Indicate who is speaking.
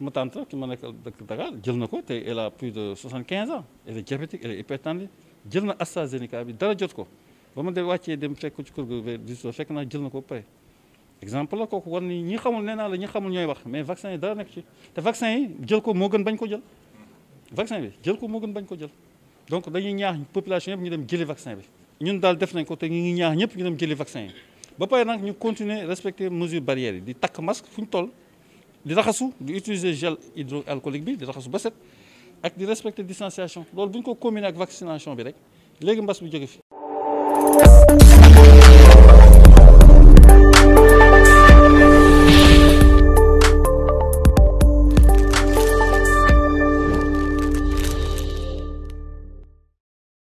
Speaker 1: ma tante ki ma nekkal dëkk Dakar jël na te elle a plus de 75 ans elle est diabétique elle est hypertendue jël na AstraZeneca bi dara jot ko ba ma de wàccee dem fekk ci kër ga di soo fekk naa jël na ko pare exemple la kooku war ni ñi xamul néna la ñi xamul ñoy wax mais vaccin yi dara nek ci te vaccin yi jël ko mo gën bañ ko jël vaccin bi jël ko mo gën bañ ko jël donc dañuy ñaax population yëpp ñu dem jëli vaccin bi ñun daal def nañ ko te ñu ngi ñaax ñëpp ñu dem jëli vaccin yi ba pare nak ñu continuer respecter mesure barrière yi di tak masque fuñ ñu toll di raxasu di utiliser gel hydroalcoolique bi di raxasu ba set ak di respecter distanciation loolu bu ñu ko combiner ak vaccination bi rek léegi mbas bu jóge fi